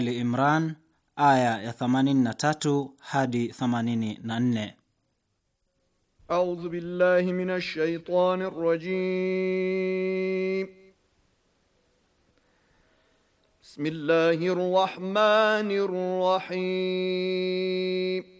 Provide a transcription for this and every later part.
Ali Imran aya ya 83 hadi 84. أعوذ بالله من الشيطان الرجيم بسم الله الرحمن الرحيم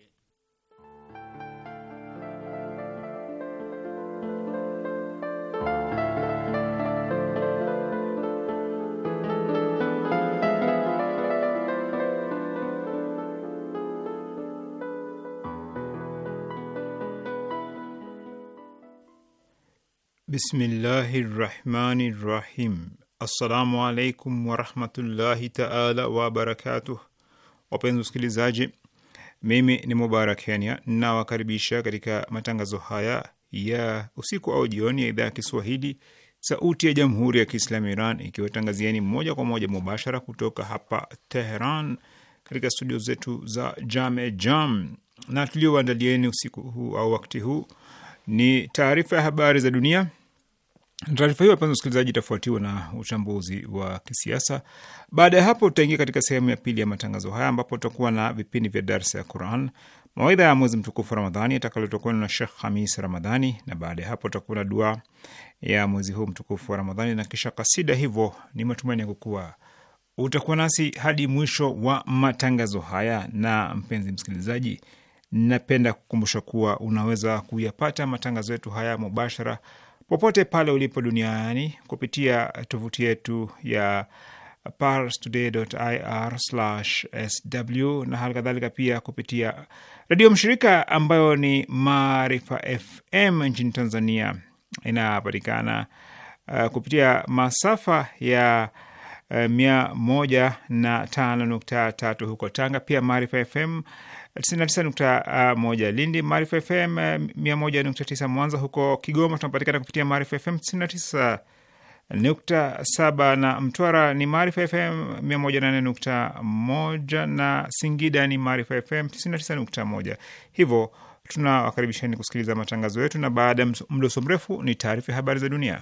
Bismillahi rahmani rahim. Assalamu alaikum warahmatullahi taala wabarakatuh. Wapenzi wasikilizaji, mimi ni Mubarak Kenya nawakaribisha katika matangazo haya ya usiku au jioni ya idhaa ya Kiswahili sauti ya jamhuri ya Kiislamu Iran ikiwatangazieni moja kwa moja mubashara kutoka hapa Teheran katika studio zetu za Jame Jam, na tulioandalieni usiku huu au wakti huu ni taarifa ya habari za dunia Taarifa hiyo, wapenzi wasikilizaji, itafuatiwa na uchambuzi wa kisiasa. Baada ya hapo, tutaingia katika sehemu ya pili ya matangazo haya ambapo tutakuwa na vipindi vya darsa ya Quran, mawaidha ya mwezi mtukufu Ramadhani atakaletwa kwenu na Shekh Hamis Ramadhani, na baada ya hapo tutakuwa na dua ya mwezi huu mtukufu wa Ramadhani na kisha kasida. Hivyo ni matumaini yangu kuwa utakuwa nasi hadi mwisho wa matangazo haya. Na mpenzi msikilizaji, napenda kukumbusha kuwa unaweza kuyapata matangazo yetu haya mubashara popote pale ulipo duniani kupitia tovuti yetu ya parstoday.ir/sw na hali kadhalika pia kupitia redio mshirika ambayo ni Maarifa FM nchini Tanzania. Inapatikana uh, kupitia masafa ya uh, mia moja na tano nukta tatu huko Tanga, pia Maarifa FM 99.1 Lindi, Maarifa FM 101.9 eh, Mwanza. Huko Kigoma tunapatikana kupitia Maarifa FM 99.7 na Mtwara ni Maarifa FM 108.1 na Singida ni Maarifa FM 99.1. Hivyo tunawakaribisheni kusikiliza matangazo yetu, na baada ya mdoso mrefu ni taarifa ya habari za dunia.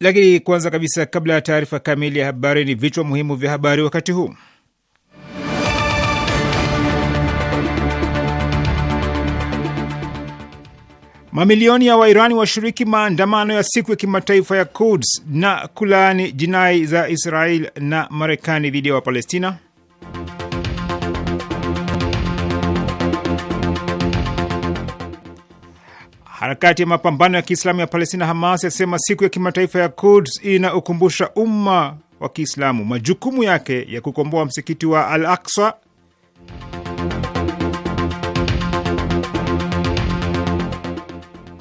Lakini kwanza kabisa, kabla ya taarifa kamili ya habari, ni vichwa muhimu vya habari wakati huu. Mamilioni ya Wairani washiriki maandamano ya siku ya kimataifa ya Quds na kulaani jinai za Israel na Marekani dhidi ya Wapalestina. Harakati ya mapambano ya Kiislamu ya Palestina Hamas yasema siku ya kimataifa ya Quds inaukumbusha umma wa Kiislamu majukumu yake ya kukomboa msikiti wa Al aksa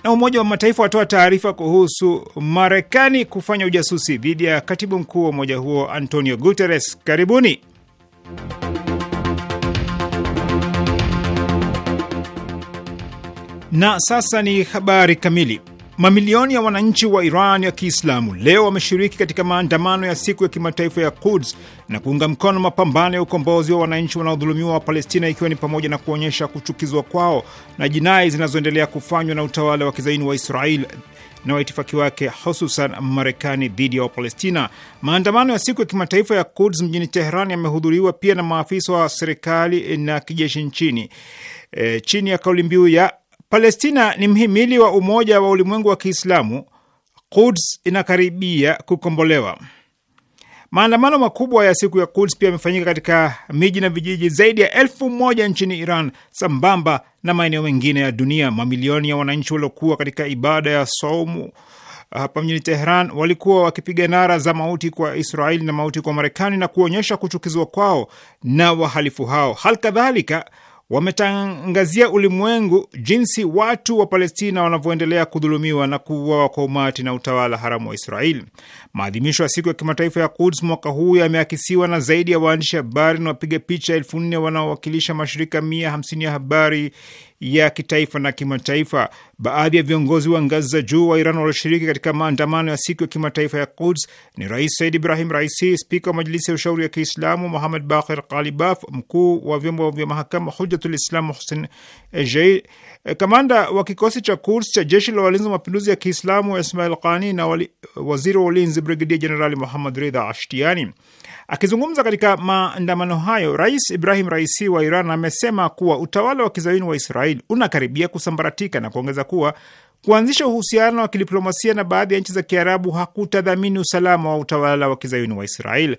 Na Umoja wa Mataifa watoa taarifa kuhusu Marekani kufanya ujasusi dhidi ya katibu mkuu wa umoja huo Antonio Guterres. Karibuni. Na sasa ni habari kamili. Mamilioni ya wananchi wa Iran ya Kiislamu leo wameshiriki katika maandamano ya siku ya kimataifa ya Quds na kuunga mkono mapambano ya ukombozi wa wananchi wanaodhulumiwa wa Palestina, ikiwa ni pamoja na kuonyesha kuchukizwa kwao na jinai zinazoendelea kufanywa na utawala wa kizaini wa Israel na waitifaki wake hususan Marekani dhidi ya Wapalestina. Maandamano ya siku ya kimataifa ya Quds mjini Teheran yamehudhuriwa pia na maafisa wa serikali na kijeshi nchini e, chini ya kauli mbiu ya Palestina ni mhimili wa umoja wa ulimwengu wa Kiislamu. Quds inakaribia kukombolewa. Maandamano makubwa ya siku ya Quds pia yamefanyika katika miji na vijiji zaidi ya elfu moja nchini Iran sambamba na maeneo mengine ya dunia. Mamilioni ya wananchi waliokuwa katika ibada ya saumu hapa mjini Tehran walikuwa wakipiga nara za mauti kwa Israeli na mauti kwa Marekani na kuonyesha kuchukizwa kwao na wahalifu hao. Hali kadhalika wametangazia ulimwengu jinsi watu wa Palestina wanavyoendelea kudhulumiwa na kuuawa kwa umati na utawala haramu wa Israeli. Maadhimisho ya siku ya kimataifa ya Quds mwaka huu yameakisiwa na zaidi ya waandishi habari na wapiga picha elfu nne wanaowakilisha mashirika mia hamsini ya habari ya kitaifa na kimataifa. Baadhi ya viongozi wa ngazi za juu wa Iran walioshiriki katika maandamano ya siku ya kimataifa ya Quds ni Rais Said Ibrahim Raisi, spika wa Majlisi ya Ushauri ya Kiislamu Muhammad Baqir Kalibaf, mkuu wa vyombo vya mahakama Hujatul Islam Hussein kamanda wa kikosi cha Quds cha jeshi la walinzi wa mapinduzi ya Kiislamu Ismail Qani na wali, waziri wa ulinzi Brigedia Jenerali Muhammad Ridha Ashtiani. Akizungumza katika maandamano hayo, Rais Ibrahim Raisi wa Iran amesema kuwa utawala wa kizayuni wa Israeli unakaribia kusambaratika na kuongeza kuwa kuanzisha uhusiano wa kidiplomasia na baadhi ya nchi za Kiarabu hakutadhamini usalama wa utawala wa kizayuni wa Israeli.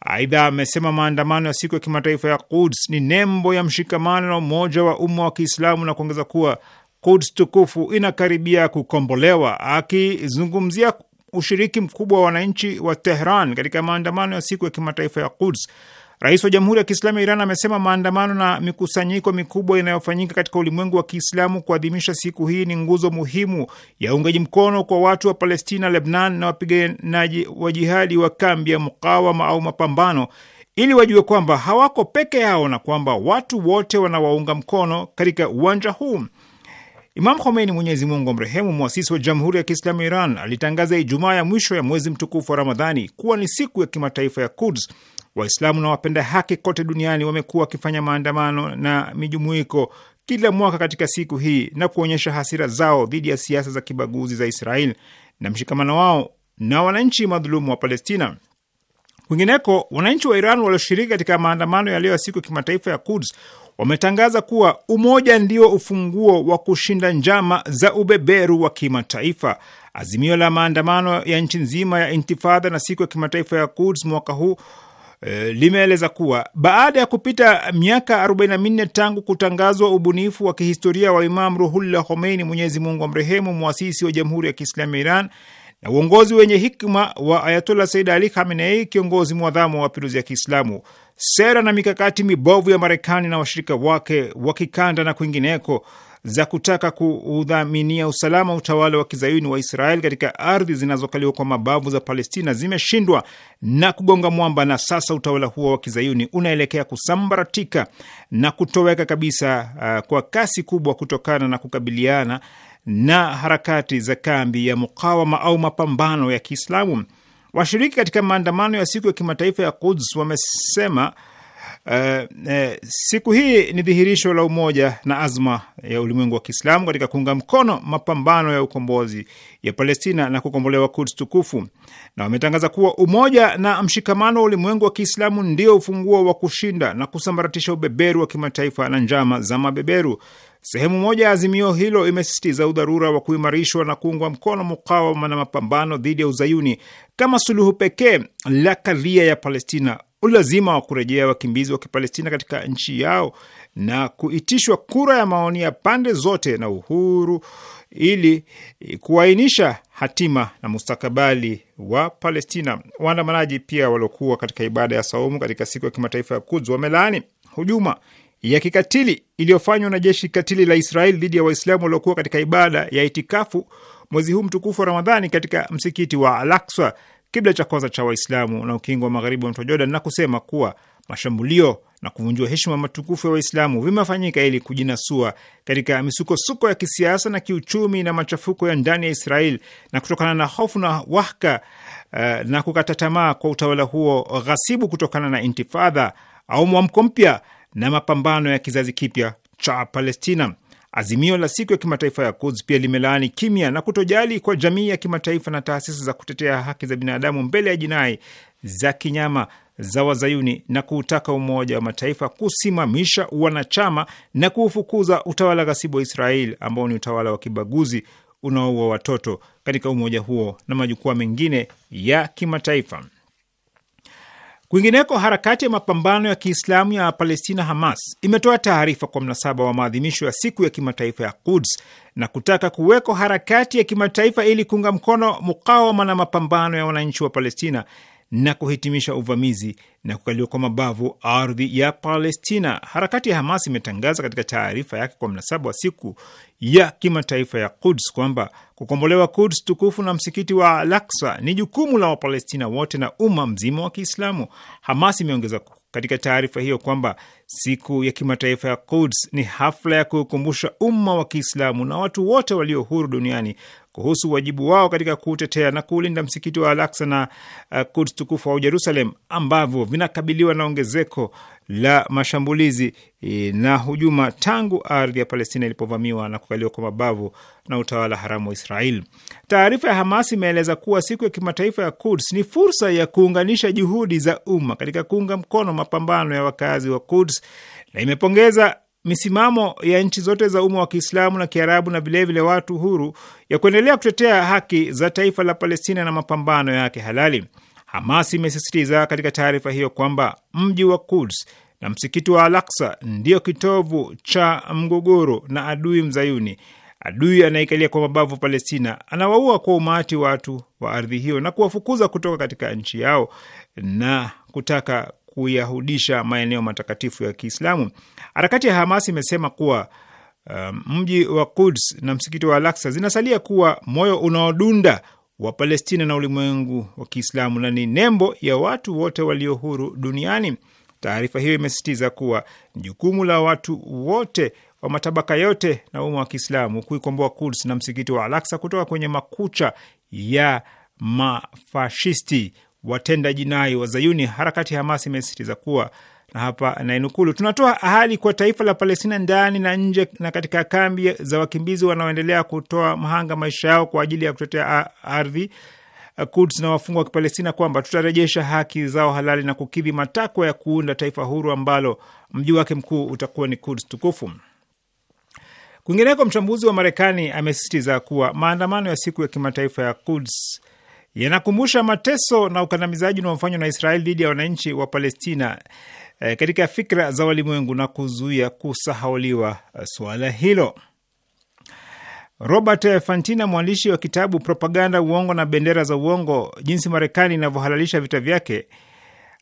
Aidha, amesema maandamano ya siku ya kimataifa ya Quds ni nembo ya mshikamano na umoja wa umma wa Kiislamu na kuongeza kuwa Quds tukufu inakaribia kukombolewa. Akizungumzia ushiriki mkubwa wa wananchi wa Tehran katika maandamano ya siku ya kimataifa ya Quds. Rais wa Jamhuri ya Kiislamu ya Iran amesema maandamano na mikusanyiko mikubwa inayofanyika katika ulimwengu wa Kiislamu kuadhimisha siku hii ni nguzo muhimu ya uungaji mkono kwa watu wa Palestina, Lebnan na wapiganaji wa jihadi wa kambi ya mukawama au mapambano, ili wajue kwamba hawako peke yao na kwamba watu wote wanawaunga mkono katika uwanja huu. Imam Khomeini, Mwenyezi Mungu amrehemu, mwasisi wa Jamhuri ya Kiislamu Iran, alitangaza Ijumaa ya mwisho ya mwezi mtukufu wa Ramadhani kuwa ni siku ya kimataifa ya Kuds. Waislamu na wapenda haki kote duniani wamekuwa wakifanya maandamano na mijumuiko kila mwaka katika siku hii na kuonyesha hasira zao dhidi ya siasa za kibaguzi za Israel na mshikamano wao na wananchi madhulumu wa Palestina. Kwingineko, wananchi wa Iran walioshiriki katika maandamano yaliyo ya siku ya kimataifa ya Kuds wametangaza kuwa umoja ndio ufunguo wa kushinda njama za ubeberu wa kimataifa. Azimio la maandamano ya nchi nzima ya Intifadha na siku ya kimataifa ya Quds mwaka huu e, limeeleza kuwa baada ya kupita miaka 44 tangu kutangazwa ubunifu wa kihistoria wa Imam Ruhullah Khomeini, Mwenyezi Mungu amrehemu, mwasisi wa Jamhuri ya Kiislamu ya Iran na uongozi wenye hikma wa Ayatollah Said Ali Khamenei, kiongozi mwadhamu wa mapinduzi ya Kiislamu, sera na mikakati mibovu ya Marekani na washirika wake wa kikanda na kwingineko za kutaka kuudhaminia usalama utawala wa kizayuni wa Israel katika ardhi zinazokaliwa kwa mabavu za Palestina zimeshindwa na kugonga mwamba, na sasa utawala huo wa kizayuni unaelekea kusambaratika na kutoweka kabisa, uh, kwa kasi kubwa kutokana na kukabiliana na harakati za kambi ya mukawama au mapambano ya Kiislamu. Washiriki katika maandamano ya siku ya kimataifa ya Quds wamesema uh, uh, siku hii ni dhihirisho la umoja na azma ya ulimwengu wa Kiislamu katika kuunga mkono mapambano ya ukombozi ya Palestina na kukombolewa Quds tukufu, na wametangaza kuwa umoja na mshikamano wa ulimwengu wa Kiislamu ndio ufunguo wa kushinda na kusambaratisha ubeberu wa kimataifa na njama za mabeberu. Sehemu moja ya azimio hilo imesisitiza udharura wa kuimarishwa na kuungwa mkono mukawama na mapambano dhidi ya uzayuni kama suluhu pekee la kadhia ya Palestina, ulazima wa kurejea wakimbizi wa Kipalestina katika nchi yao na kuitishwa kura ya maoni ya pande zote na uhuru ili kuainisha hatima na mustakabali wa Palestina. Waandamanaji pia waliokuwa katika ibada ya saumu katika siku ya kimataifa ya Kuds wamelaani hujuma ya kikatili iliyofanywa na jeshi katili la Israel dhidi ya Waislamu waliokuwa katika ibada ya itikafu mwezi huu mtukufu wa Ramadhani katika msikiti wa Al-Aqsa, kibla cha kwanza cha Waislamu na ukingo wa magharibi wa mto Jordan, na kusema kuwa mashambulio na kuvunjia heshima matukufu ya Waislamu vimefanyika ili kujinasua katika misukosuko ya kisiasa na kiuchumi na machafuko ya ndani ya Israel na kutokana na hofu na wahka uh, eh, na kukata tamaa kwa utawala huo ghasibu kutokana na intifadha au mwamko mpya na mapambano ya kizazi kipya cha Palestina. Azimio la siku ya kimataifa ya Quds pia limelaani kimya na kutojali kwa jamii ya kimataifa na taasisi za kutetea haki za binadamu mbele ya jinai za kinyama za wazayuni na kuutaka Umoja wa Mataifa kusimamisha wanachama na kuufukuza utawala ghasibu wa Israeli ambao ni utawala wa kibaguzi unaoua watoto katika umoja huo na majukwaa mengine ya kimataifa. Kwingineko, harakati ya mapambano ya Kiislamu ya Palestina Hamas imetoa taarifa kwa mnasaba wa maadhimisho ya siku ya kimataifa ya Quds na kutaka kuweko harakati ya kimataifa ili kuunga mkono mukawama na mapambano ya wananchi wa Palestina na kuhitimisha uvamizi na kukaliwa kwa mabavu ardhi ya Palestina. Harakati ya Hamas imetangaza katika taarifa yake kwa mnasaba wa siku ya kimataifa ya Quds kwamba kukombolewa Quds tukufu na msikiti wa Al-Aqsa ni jukumu la Wapalestina wote na umma mzima wa Kiislamu. Hamas imeongeza katika taarifa hiyo kwamba siku ya kimataifa ya Quds ni hafla ya kuukumbusha umma wa Kiislamu na watu wote walio huru duniani kuhusu wajibu wao katika kutetea na kuulinda msikiti wa Al-Aqsa na uh, Quds tukufu au Jerusalem ambavyo vinakabiliwa na ongezeko la mashambulizi e, na hujuma tangu ardhi ya Palestina ilipovamiwa na kukaliwa kwa mabavu na utawala haramu wa Israel. Taarifa ya Hamas imeeleza kuwa siku ya kimataifa ya Quds ni fursa ya kuunganisha juhudi za umma katika kuunga mkono mapambano ya wakazi wa Quds na imepongeza misimamo ya nchi zote za umma wa Kiislamu na Kiarabu na vilevile watu huru ya kuendelea kutetea haki za taifa la Palestina na mapambano yake halali. Hamas imesisitiza katika taarifa hiyo kwamba mji wa Kuds na msikiti wa Al-Aqsa ndiyo kitovu cha mgogoro na adui mzayuni. Adui anaikalia kwa mabavu Palestina anawaua kwa umati watu wa ardhi hiyo na kuwafukuza kutoka katika nchi yao na kutaka kuyahudisha maeneo matakatifu ya Kiislamu. Harakati ya Hamas imesema kuwa um, mji wa Quds na msikiti wa Al-Aqsa zinasalia kuwa moyo unaodunda wa Palestina na ulimwengu wa Kiislamu na ni nembo ya watu wote walio huru duniani. Taarifa hiyo imesisitiza kuwa jukumu la watu wote wa matabaka yote na umma wa Kiislamu kuikomboa Quds na msikiti wa Al-Aqsa kutoka kwenye makucha ya mafashisti watenda jinai wa Zayuni, harakati Hamas imesisitiza kuwa na hapa nainukulu, tunatoa ahadi kwa taifa la Palestina ndani na nje na katika kambi za wakimbizi wanaoendelea kutoa mhanga maisha yao kwa ajili ya kutetea ardhi Kuds na wafungwa wa Kipalestina kwamba tutarejesha haki zao halali na kukidhi matakwa ya kuunda taifa huru ambalo mji wake mkuu utakuwa ni Kuds tukufu. Kwingineko, mchambuzi wa Marekani amesisitiza kuwa maandamano ya siku ya kimataifa ya Kuds yanakumbusha mateso na ukandamizaji unaofanywa na Israeli dhidi ya wananchi wa Palestina e, katika fikra za walimwengu na kuzuia kusahauliwa eh, suala hilo. Robert eh, Fantina, mwandishi wa kitabu Propaganda, Uongo na Bendera za Uongo, Jinsi Marekani inavyohalalisha vita vyake,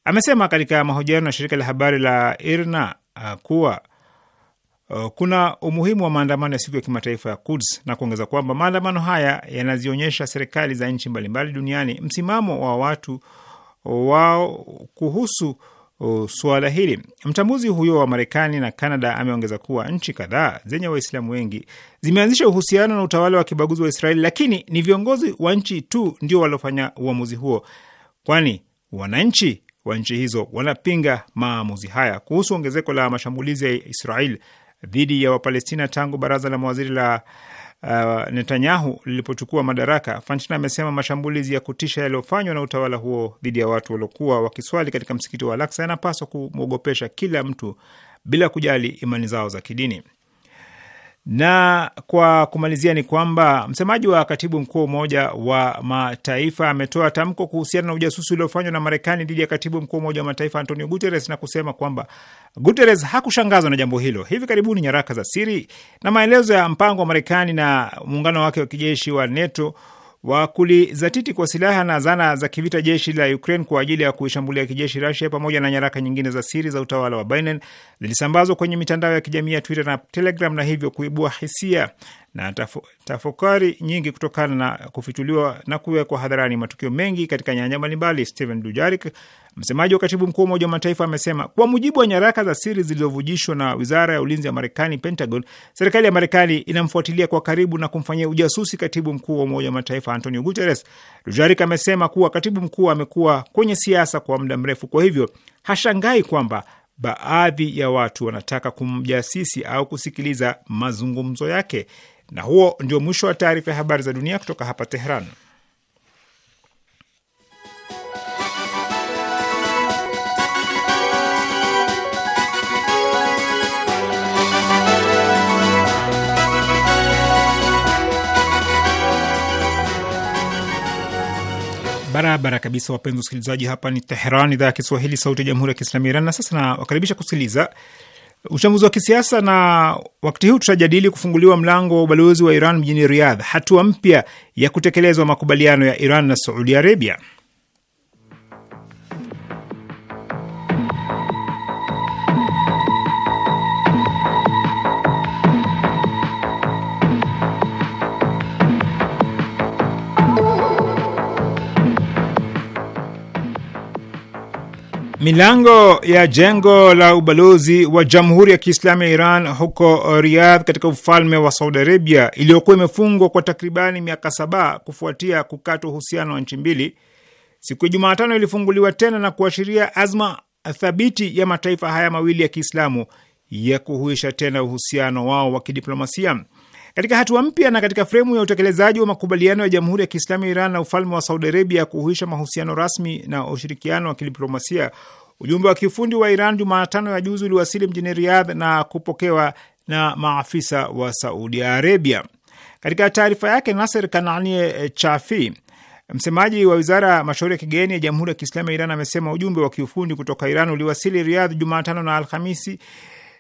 amesema katika mahojiano na shirika la habari la IRNA kuwa Uh, kuna umuhimu wa maandamano ya siku ya kimataifa ya Quds na kuongeza kwamba maandamano haya yanazionyesha serikali za nchi mbalimbali duniani msimamo wa watu uh, wao kuhusu uh, suala hili. Mchambuzi huyo wa Marekani na Kanada ameongeza kuwa nchi kadhaa zenye Waislamu wengi zimeanzisha uhusiano na utawala wa kibaguzi wa Israeli, lakini ni viongozi wa nchi tu ndio waliofanya uamuzi huo, kwani wananchi wa nchi hizo wanapinga maamuzi haya. Kuhusu ongezeko la mashambulizi ya Israeli dhidi ya Wapalestina tangu baraza la mawaziri la uh, Netanyahu lilipochukua madaraka. Fantina amesema mashambulizi ya kutisha yaliyofanywa na utawala huo dhidi ya watu waliokuwa wakiswali katika msikiti wa Al-Aqsa yanapaswa kumwogopesha kila mtu bila kujali imani zao za kidini. Na kwa kumalizia ni kwamba msemaji wa katibu mkuu wa Umoja wa Mataifa ametoa tamko kuhusiana na ujasusi uliofanywa na Marekani dhidi ya katibu mkuu wa Umoja wa Mataifa Antonio Guterres na kusema kwamba Guterres hakushangazwa na jambo hilo. Hivi karibuni nyaraka za siri na maelezo ya mpango wa Marekani na muungano wake wa kijeshi wa NATO wa kulizatiti kwa silaha na zana za kivita jeshi la Ukraine kwa ajili ya kuishambulia kijeshi Russia pamoja na nyaraka nyingine za siri za utawala wa Biden zilisambazwa kwenye mitandao ya kijamii ya Twitter na Telegram na hivyo kuibua hisia na tafakari nyingi kutokana na kufichuliwa na kuwekwa hadharani matukio mengi katika nyanja mbalimbali. Steven Dujarik, msemaji wa katibu mkuu wa Umoja wa Mataifa, amesema kwa mujibu wa nyaraka za siri zilizovujishwa na wizara ya ulinzi ya Marekani, Pentagon, serikali ya Marekani inamfuatilia kwa karibu na kumfanyia ujasusi katibu mkuu wa Umoja wa Mataifa Antonio Guterres. Dujarik amesema kuwa katibu mkuu amekuwa kwenye siasa kwa muda mrefu, kwa hivyo hashangai kwamba baadhi ya watu wanataka kumjasisi au kusikiliza mazungumzo yake. Na huo ndio mwisho wa taarifa ya habari za dunia kutoka hapa teheran Barabara kabisa, wapenzi wasikilizaji, hapa ni Teheran, idhaa ya Kiswahili, sauti ya jamhuri ya kiislamu ya Iran. Na sasa nawakaribisha kusikiliza Uchambuzi wa kisiasa na wakati huu tutajadili kufunguliwa mlango wa ubalozi wa Iran mjini Riyadh, hatua mpya ya kutekelezwa makubaliano ya Iran na Saudi Arabia. Milango ya jengo la ubalozi wa Jamhuri ya Kiislamu ya Iran huko Riyadh katika ufalme wa Saudi Arabia iliyokuwa imefungwa kwa takribani miaka saba kufuatia kukatwa uhusiano wa nchi mbili, siku ya Jumatano ilifunguliwa tena na kuashiria azma thabiti ya mataifa haya mawili ya Kiislamu ya kuhuisha tena uhusiano wao wa kidiplomasia. Katika hatua mpya na katika fremu ya utekelezaji wa makubaliano ya Jamhuri ya Kiislamu ya Iran na ufalme wa Saudi Arabia kuhuisha mahusiano rasmi na ushirikiano wa kidiplomasia, ujumbe wa kiufundi wa Iran Jumatano ya juzi uliwasili mjini Riyadh na kupokewa na maafisa wa Saudi Arabia. Katika taarifa yake, Nasser Kanani Chafi, msemaji wa wizara ya mashauri ya kigeni ya Jamhuri ya Kiislamu ya Iran, amesema ujumbe wa kiufundi kutoka Iran uliwasili Riyadh Jumatano na Alhamisi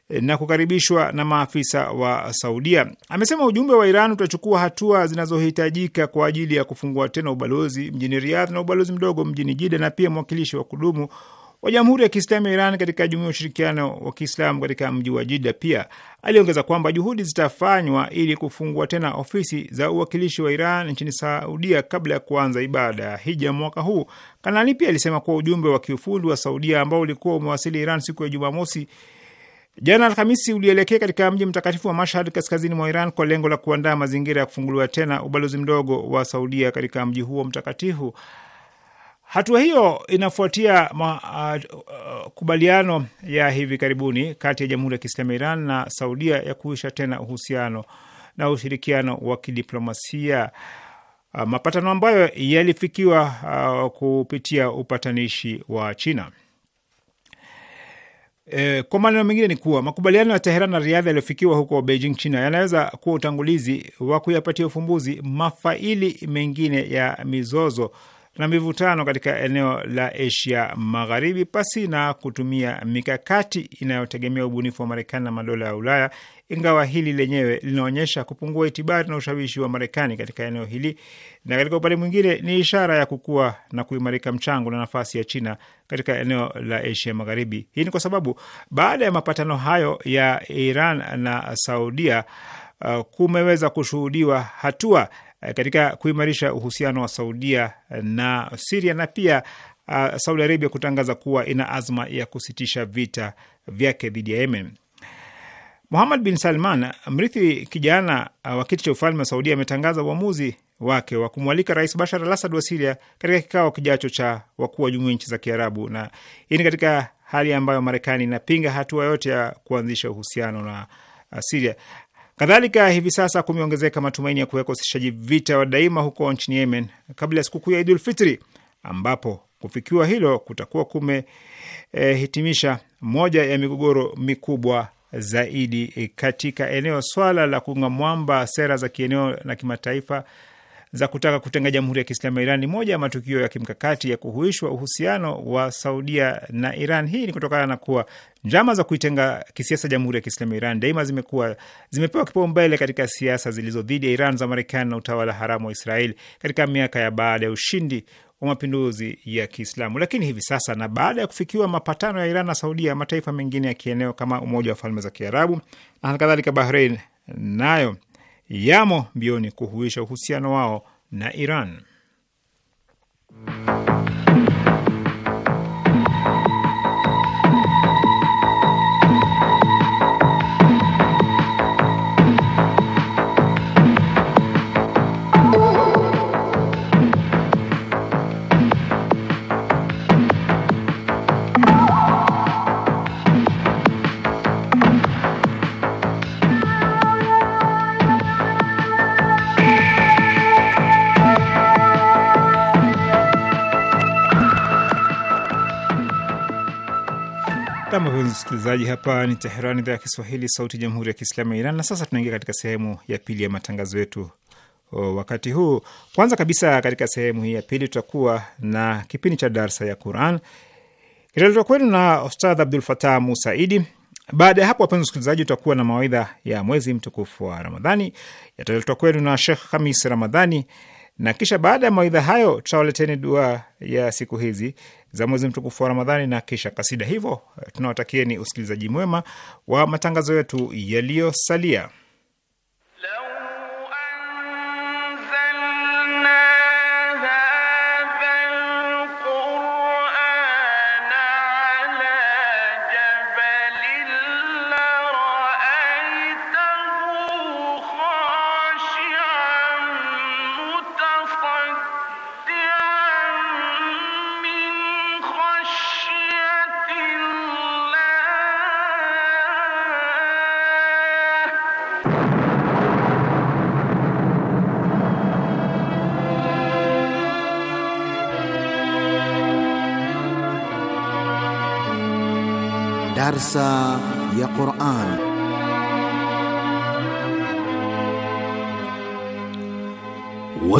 na kukaribishwa na maafisa wa Saudia. Amesema ujumbe wa Iran utachukua hatua zinazohitajika kwa ajili ya kufungua tena ubalozi mjini Riyadh na ubalozi mdogo mjini Jida na pia mwakilishi wa kudumu wa Jamhuri ya Kiislamu ya Iran katika Jumuiya ya Ushirikiano wa Kiislamu katika mji wa Jida. Pia aliongeza kwamba juhudi zitafanywa ili kufungua tena ofisi za uwakilishi wa Iran nchini Saudia kabla ya kuanza ibada ya hija mwaka huu. Kanali pia alisema kuwa ujumbe wa kiufundi wa Saudia ambao ulikuwa umewasili Iran siku ya Jumamosi Jana Alhamisi ulielekea katika mji mtakatifu wa Mashhad kaskazini mwa Iran kwa lengo la kuandaa mazingira ya kufunguliwa tena ubalozi mdogo wa Saudia katika mji huo mtakatifu. Hatua hiyo inafuatia makubaliano uh, uh, ya hivi karibuni kati ya Jamhuri ya Kiislamu ya Iran na Saudia ya kuisha tena uhusiano na ushirikiano wa kidiplomasia uh, mapatano ambayo yalifikiwa uh, kupitia upatanishi wa China. E, kwa maneno mengine ni kuwa makubaliano ya Teheran na Riadha yaliyofikiwa huko Beijing, China yanaweza kuwa utangulizi wa kuyapatia ufumbuzi mafaili mengine ya mizozo na mivutano katika eneo la Asia Magharibi pasi na kutumia mikakati inayotegemea ubunifu wa Marekani na madola ya Ulaya, ingawa hili lenyewe linaonyesha kupungua itibari na ushawishi wa Marekani katika eneo hili, na katika upande mwingine ni ishara ya kukua na kuimarika mchango na nafasi ya China katika eneo la Asia Magharibi. Hii ni kwa sababu baada ya mapatano hayo ya Iran na Saudia, uh, kumeweza kushuhudiwa hatua Eh, katika kuimarisha uhusiano wa Saudia na Siria na pia uh, Saudi Arabia kutangaza kuwa ina azma ya kusitisha vita vyake dhidi ya Yemen. Muhammad bin Salman, mrithi kijana eh, wa kiti cha ufalme wa Saudia, ametangaza uamuzi wake wa kumwalika Rais Bashar al Asad wa Siria katika kikao kijacho cha wakuu wa jumuiya nchi za Kiarabu, na hii ni katika hali ambayo Marekani inapinga hatua yote ya kuanzisha uhusiano na Siria. Kadhalika, hivi sasa kumeongezeka matumaini ya kuweka usishaji vita wa daima huko nchini Yemen kabla ya sikukuu ya Idul Fitri, ambapo kufikiwa hilo kutakuwa kumehitimisha moja ya migogoro mikubwa zaidi katika eneo. Swala la kuunga mwamba sera za kieneo na kimataifa za kutaka kutenga Jamhuri ya Kiislamu ya Iran ni moja ya matukio ya kimkakati ya kuhuishwa uhusiano wa Saudia na Iran. Hii ni kutokana na kuwa njama za kuitenga kisiasa Jamhuri ya Kiislamu ya Iran daima zimekuwa zimepewa kipaumbele katika siasa zilizo dhidi ya Iran za Marekani na utawala haramu wa Israeli katika miaka ya baada ya ushindi wa mapinduzi ya Kiislamu. Lakini hivi sasa na baada ya kufikiwa mapatano ya Iran na Saudia, mataifa mengine ya kieneo kama Umoja wa Falme za Kiarabu na halikadhalika Bahrein nayo yamo mbioni kuhuisha uhusiano wao na Iran. Nam, wapenzi msikilizaji, hapa ni Teherani, idhaa ya Kiswahili, sauti ya jamhuri ya kiislamu ya Iran. Na sasa tunaingia katika sehemu ya pili ya matangazo yetu wakati huu. Kwanza kabisa, katika sehemu hii ya pili tutakuwa na kipindi cha darsa ya Quran kitaletwa kwenu na Ustadh Abdul Fatah Musaidi. Baada ya hapo, wapenzi wasikilizaji, tutakuwa na mawaidha ya mwezi mtukufu wa Ramadhani yataletwa kwenu na Shekh Hamis Ramadhani na kisha baada ya mawaidha hayo tutawaleteni dua ya siku hizi za mwezi mtukufu wa Ramadhani na kisha kasida. Hivyo tunawatakieni usikilizaji mwema wa matangazo yetu yaliyosalia.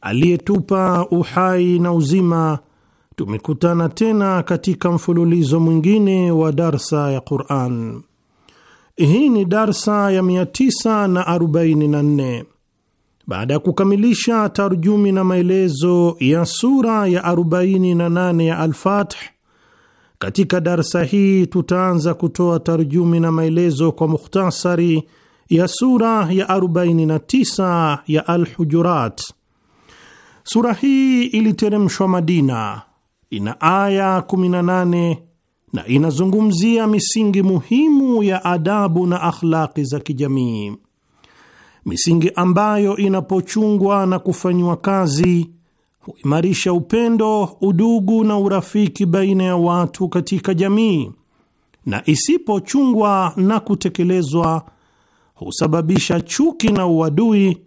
aliyetupa uhai na uzima, tumekutana tena katika mfululizo mwingine wa darsa ya Quran. Hii ni darsa ya 944 baada ya kukamilisha tarjumi na maelezo ya sura ya 48 ya al Katika darsa hii tutaanza kutoa tarjumi na maelezo kwa mukhtasari ya sura ya 49 ya Al-Hujurat Sura hii iliteremshwa Madina, ina aya 18 na inazungumzia misingi muhimu ya adabu na akhlaqi za kijamii, misingi ambayo inapochungwa na kufanyiwa kazi huimarisha upendo, udugu na urafiki baina ya watu katika jamii, na isipochungwa na kutekelezwa husababisha chuki na uadui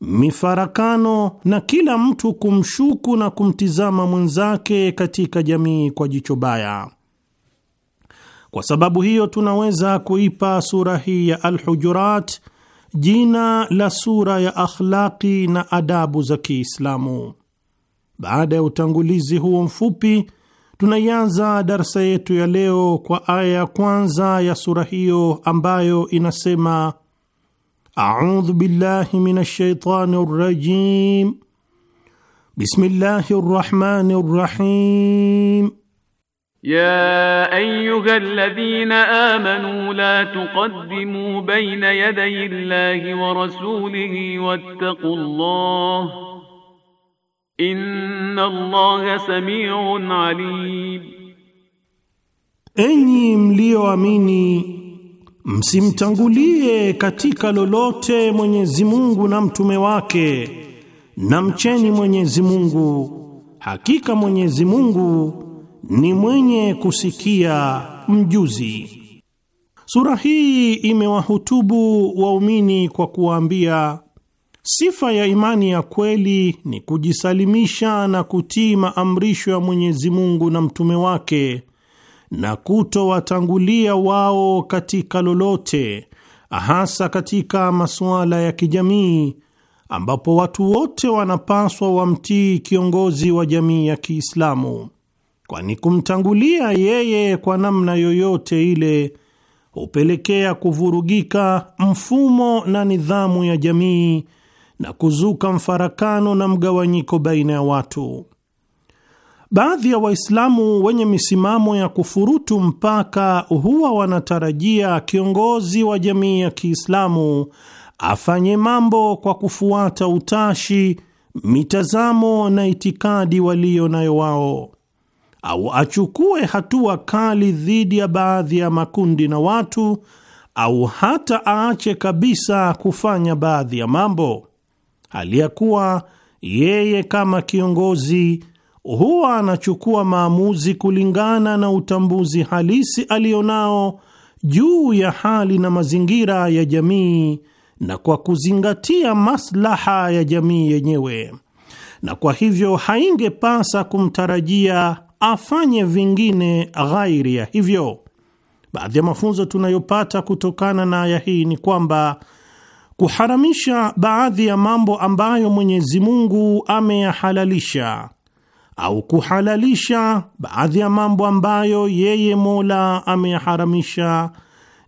mifarakano na kila mtu kumshuku na kumtizama mwenzake katika jamii kwa jicho baya. Kwa sababu hiyo, tunaweza kuipa sura hii ya alhujurat jina la sura ya akhlaqi na adabu za Kiislamu. Baada ya utangulizi huo mfupi, tunaianza darsa yetu ya leo kwa aya ya kwanza ya sura hiyo ambayo inasema أعوذ بالله من الشيطان الرجيم بسم الله الرحمن الرحيم يا أيها الذين آمنوا لا تقدموا بين يدي الله ورسوله واتقوا الله إن الله سميع عليم أني مليو أميني Msimtangulie katika lolote Mwenyezi Mungu na mtume wake, na mcheni Mwenyezi Mungu. Hakika Mwenyezi Mungu ni mwenye kusikia, mjuzi. Sura hii imewahutubu waumini kwa kuwaambia sifa ya imani ya kweli ni kujisalimisha na kutii maamrisho ya Mwenyezi Mungu na mtume wake na kutowatangulia wao katika lolote, hasa katika masuala ya kijamii, ambapo watu wote wanapaswa wamtii kiongozi wa jamii ya Kiislamu, kwani kumtangulia yeye kwa namna yoyote ile hupelekea kuvurugika mfumo na nidhamu ya jamii na kuzuka mfarakano na mgawanyiko baina ya watu. Baadhi ya Waislamu wenye misimamo ya kufurutu mpaka huwa wanatarajia kiongozi wa jamii ya Kiislamu afanye mambo kwa kufuata utashi, mitazamo na itikadi waliyo nayo wao, au achukue hatua kali dhidi ya baadhi ya makundi na watu, au hata aache kabisa kufanya baadhi ya mambo, hali ya kuwa yeye kama kiongozi huwa anachukua maamuzi kulingana na utambuzi halisi alionao juu ya hali na mazingira ya jamii na kwa kuzingatia maslaha ya jamii yenyewe, na kwa hivyo haingepasa kumtarajia afanye vingine ghairi ya hivyo. Baadhi ya mafunzo tunayopata kutokana na aya hii ni kwamba kuharamisha baadhi ya mambo ambayo Mwenyezi Mungu ameyahalalisha au kuhalalisha baadhi ya mambo ambayo yeye Mola ameyaharamisha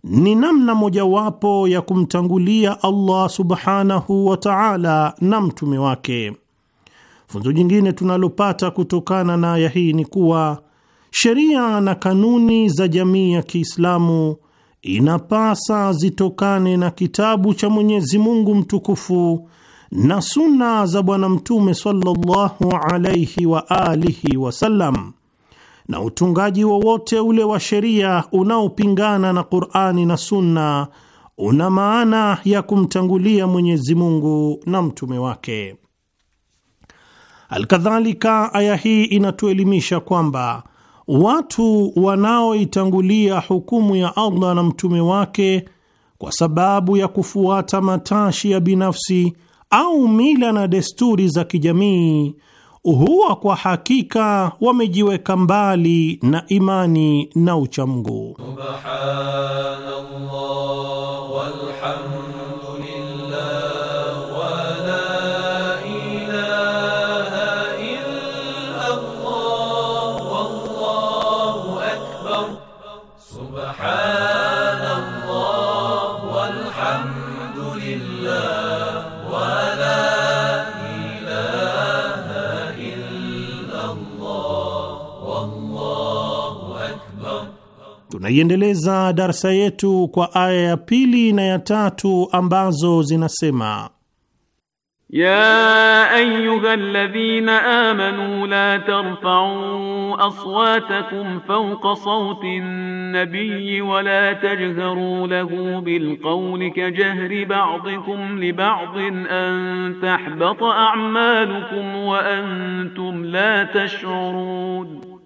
ni namna mojawapo ya kumtangulia Allah subhanahu wa ta'ala na mtume wake. Funzo jingine tunalopata kutokana na aya hii ni kuwa sheria na kanuni za jamii ya Kiislamu inapasa zitokane na kitabu cha Mwenyezi Mungu mtukufu na suna za Bwana Mtume sallallahu alaihi wa alihi wasallam, na utungaji wowote ule wa sheria unaopingana na Qur'ani na sunna una maana ya kumtangulia Mwenyezi Mungu na mtume wake. Alkadhalika, aya hii inatuelimisha kwamba watu wanaoitangulia hukumu ya Allah na mtume wake kwa sababu ya kufuata matashi ya binafsi au mila na desturi za kijamii huwa kwa hakika wamejiweka mbali na imani na uchamungu. Subhanallah. tunaiendeleza darsa yetu kwa aya ya pili na ya tatu ambazo zinasema: ya ayuha alladhina amanu la tarfa'u aswatakum fawqa sawti an-nabiyyi wa la tajharu lahu bil qawli ka ba'dikum li ba'din an tahbata a'malukum wa antum la tash'urun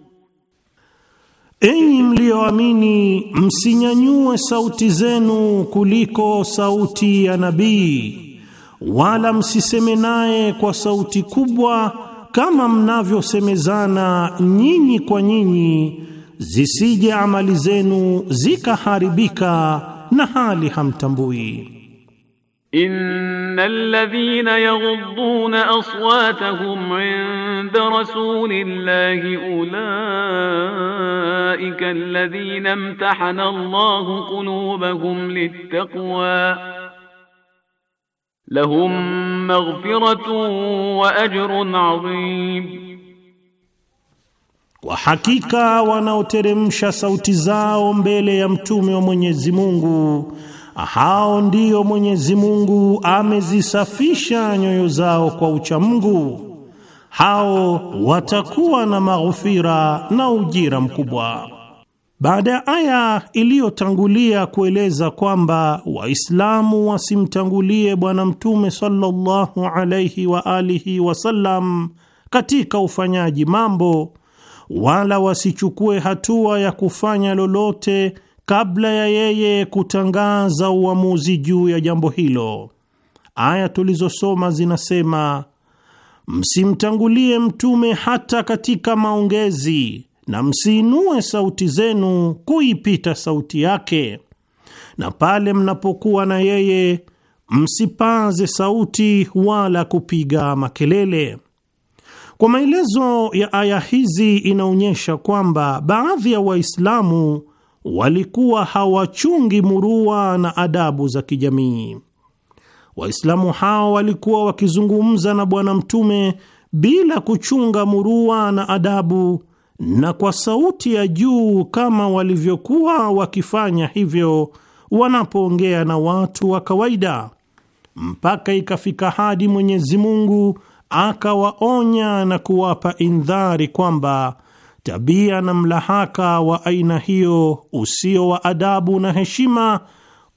Enyi mlioamini, msinyanyue sauti zenu kuliko sauti ya nabii, wala msiseme naye kwa sauti kubwa kama mnavyosemezana nyinyi kwa nyinyi, zisije amali zenu zikaharibika na hali hamtambui. إن الذين يغضون أصواتهم عند رسول الله أولئك الذين امتحن الله قلوبهم للتقوى لهم مغفرة وأجر عظيم Kwa hakika wanaoteremsha sauti zao mbele ya mtume wa Mwenyezi Mungu Ah, hao ndiyo Mwenyezi Mungu amezisafisha nyoyo zao kwa uchamungu, hao watakuwa na maghfira na ujira mkubwa. Baada ya aya iliyotangulia kueleza kwamba Waislamu wasimtangulie Bwana Mtume sallallahu alaihi wa alihi wasallam katika ufanyaji mambo, wala wasichukue hatua ya kufanya lolote Kabla ya yeye kutangaza uamuzi juu ya jambo hilo, aya tulizosoma zinasema, msimtangulie mtume hata katika maongezi, na msiinue sauti zenu kuipita sauti yake, na pale mnapokuwa na yeye msipaze sauti wala kupiga makelele. Kwa maelezo ya aya hizi inaonyesha kwamba baadhi ya Waislamu walikuwa hawachungi murua na adabu za kijamii. Waislamu hao walikuwa wakizungumza na Bwana Mtume bila kuchunga murua na adabu na kwa sauti ya juu kama walivyokuwa wakifanya hivyo wanapoongea na watu wa kawaida, mpaka ikafika hadi Mwenyezi Mungu akawaonya na kuwapa indhari kwamba tabia na mlahaka wa aina hiyo usio wa adabu na heshima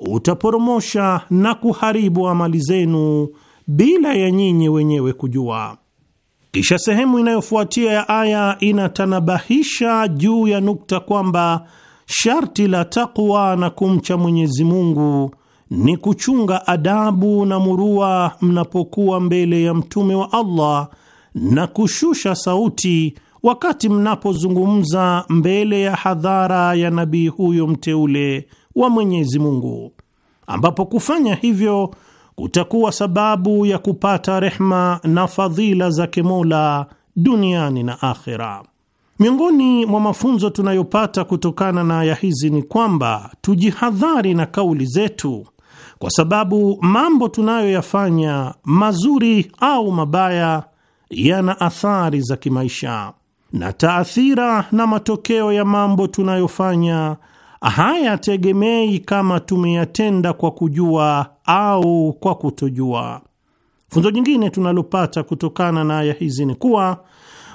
utaporomosha na kuharibu amali zenu bila ya nyinyi wenyewe kujua. Kisha sehemu inayofuatia ya aya inatanabahisha juu ya nukta kwamba sharti la takwa na kumcha Mwenyezi Mungu ni kuchunga adabu na murua mnapokuwa mbele ya mtume wa Allah na kushusha sauti wakati mnapozungumza mbele ya hadhara ya nabii huyo mteule wa Mwenyezi Mungu, ambapo kufanya hivyo kutakuwa sababu ya kupata rehma na fadhila zake Mola duniani na akhera. Miongoni mwa mafunzo tunayopata kutokana na aya hizi ni kwamba tujihadhari na kauli zetu, kwa sababu mambo tunayoyafanya mazuri au mabaya yana athari za kimaisha na taathira na matokeo ya mambo tunayofanya hayategemei kama tumeyatenda kwa kujua au kwa kutojua. Funzo jingine tunalopata kutokana na aya hizi ni kuwa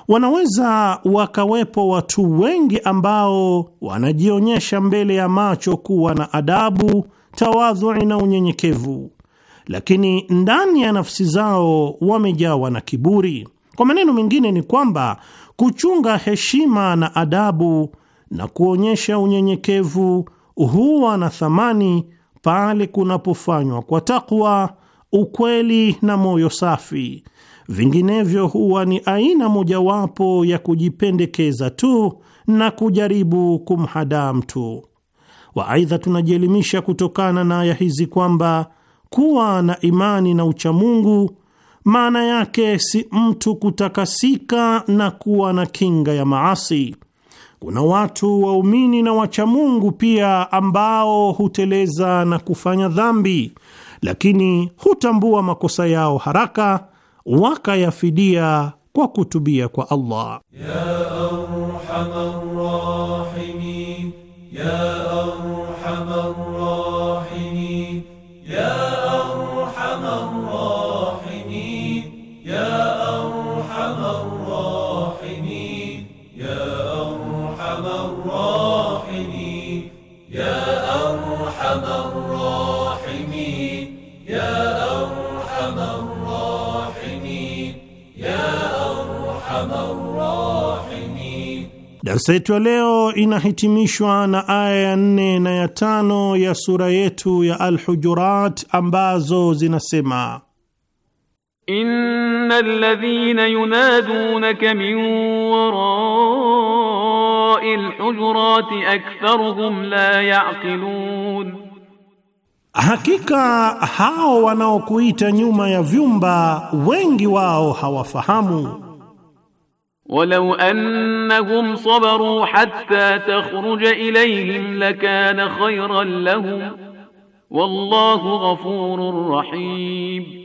wanaweza wakawepo watu wengi ambao wanajionyesha mbele ya macho kuwa na adabu, tawadhui na unyenyekevu, lakini ndani ya nafsi zao wamejawa na kiburi. Kwa maneno mengine ni kwamba kuchunga heshima na adabu na kuonyesha unyenyekevu huwa na thamani pale kunapofanywa kwa takwa, ukweli na moyo safi. Vinginevyo huwa ni aina mojawapo ya kujipendekeza tu na kujaribu kumhadaa mtu wa. Aidha, tunajielimisha kutokana na aya hizi kwamba kuwa na imani na uchamungu maana yake si mtu kutakasika na kuwa na kinga ya maasi. Kuna watu waumini na wachamungu pia ambao huteleza na kufanya dhambi, lakini hutambua makosa yao haraka wakayafidia kwa kutubia kwa Allah ya Darsa yetu ya leo inahitimishwa na aya ya nne na ya tano ya sura yetu ya alhujurat ambazo zinasema Innal ladhina yunadunaka min wara'il hujurati aktharuhum la ya'qilun, hakika hao wanaokuita nyuma ya vyumba wengi wao hawafahamu ولو أنهم صبروا حتى تخرج إليهم لكان خيرا لهم والله غفور رحيم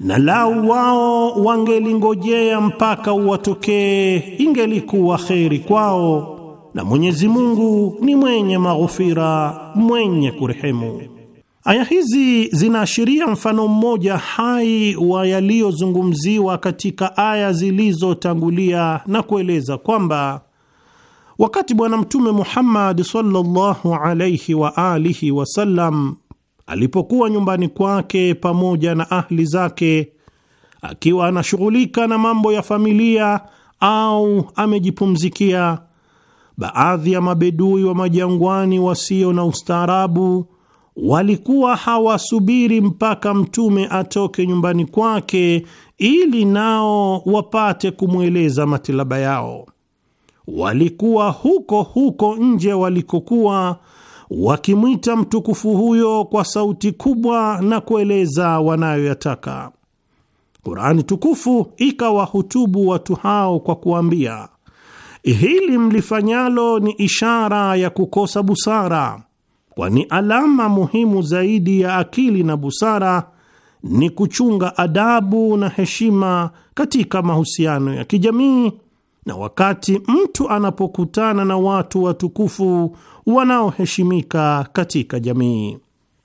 na lau wao wangelingojea mpaka uwatokee ingelikuwa kheri kwao, na Mwenyezi Mungu ni mwenye maghufira mwenye kurehemu. Aya hizi zinaashiria mfano mmoja hai wa yaliyozungumziwa katika aya zilizotangulia na kueleza kwamba wakati Bwana Mtume Muhammad sallallahu wa alihi wasallam alipokuwa nyumbani kwake pamoja na ahli zake, akiwa anashughulika na mambo ya familia au amejipumzikia, baadhi ya mabedui wa majangwani wasio na ustaarabu walikuwa hawasubiri mpaka mtume atoke nyumbani kwake ili nao wapate kumweleza matilaba yao. Walikuwa huko huko nje walikokuwa wakimwita mtukufu huyo kwa sauti kubwa na kueleza wanayoyataka. Kurani tukufu ikawahutubu watu hao kwa kuambia, hili mlifanyalo ni ishara ya kukosa busara kwani alama muhimu zaidi ya akili na busara ni kuchunga adabu na heshima katika mahusiano ya kijamii na wakati mtu anapokutana na watu watukufu wanaoheshimika katika jamii.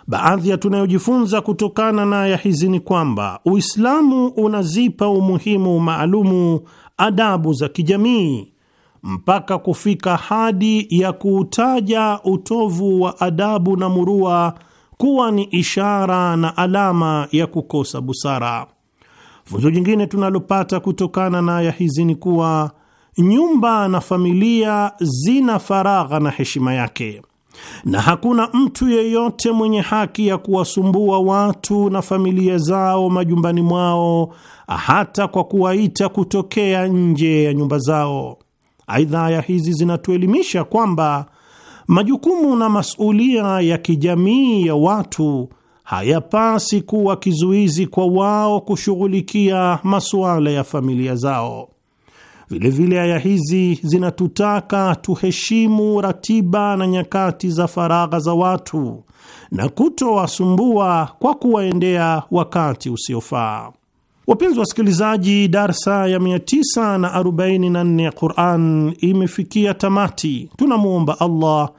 Baadhi ya tunayojifunza kutokana na aya hizi ni kwamba Uislamu unazipa umuhimu maalumu adabu za kijamii mpaka kufika hadi ya kuutaja utovu wa adabu na murua kuwa ni ishara na alama ya kukosa busara. Funzo jingine tunalopata kutokana na aya hizi ni kuwa nyumba na familia zina faragha na heshima yake, na hakuna mtu yeyote mwenye haki ya kuwasumbua watu na familia zao majumbani mwao, hata kwa kuwaita kutokea nje ya nyumba zao. Aidha, aya hizi zinatuelimisha kwamba majukumu na masulia ya kijamii ya watu hayapasi kuwa kizuizi kwa wao kushughulikia masuala ya familia zao. Vilevile aya hizi zinatutaka tuheshimu ratiba na nyakati za faragha za watu na kutowasumbua kwa kuwaendea wakati usiofaa. Wapenzi wasikilizaji, darsa ya 944 ya Quran imefikia tamati. Tunamwomba Allah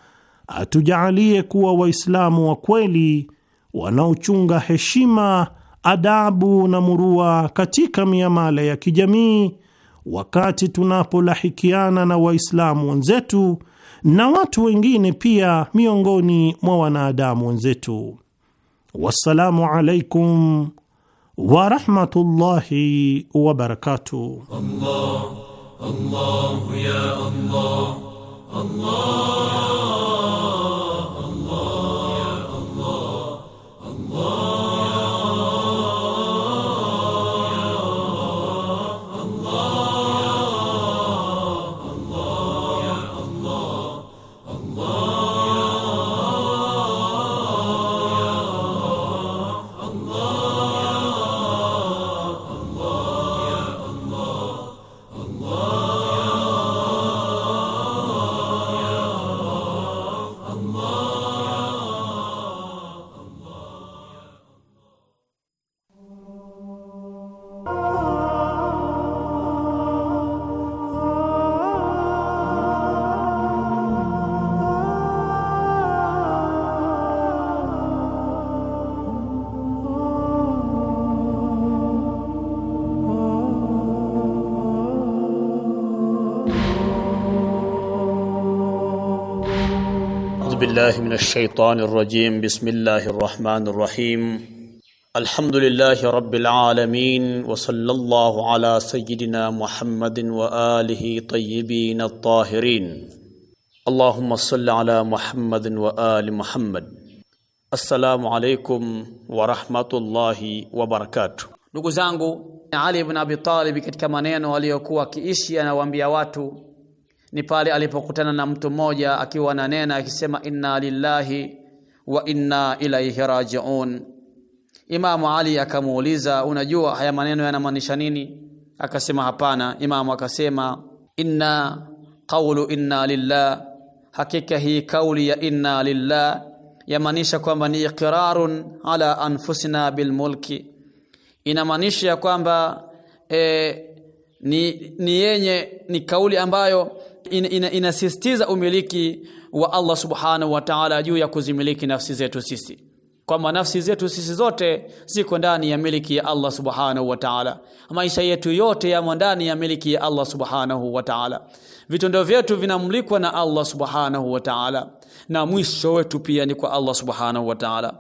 atujaalie kuwa Waislamu wa kweli wanaochunga heshima, adabu na murua katika miamala ya kijamii, wakati tunapolahikiana na Waislamu wenzetu na watu wengine pia miongoni mwa wanadamu wenzetu. Wassalamu alaikum ورحمة الله وبركاته الله الله يا الله الله بالله من الشيطان الرجيم بسم الله الرحمن الرحيم الحمد لله رب العالمين وصلى الله على سيدنا محمد وآله طيبين الطاهرين اللهم صل على محمد وآل محمد السلام عليكم ورحمة الله وبركاته نقول زانقو علي بن أبي طالب katika maneno aliyokuwa akiishi anawaambia watu ni pale alipokutana na mtu mmoja akiwa ananena akisema inna lillahi wa inna ilaihi rajiun. Imamu Ali akamuuliza, unajua haya maneno yanamaanisha nini? Akasema hapana. Imamu akasema inna qawlu inna lillah, hakika hii kauli ya inna lillah yamaanisha kwamba ni iqrarun ala anfusina bilmulki, inamaanisha kwamba e, ni, ni yenye ni kauli ambayo in, in, inasisitiza umiliki wa Allah subhanahu wa ta'ala juu ya kuzimiliki nafsi zetu sisi kwamba nafsi zetu sisi zote ziko ndani ya miliki ya Allah subhanahu wa ta'ala maisha yetu yote yamo ndani ya miliki ya Allah subhanahu wa ta'ala vitendo vyetu vinamlikwa na Allah subhanahu wa ta'ala na mwisho wetu pia ni kwa Allah subhanahu wa ta'ala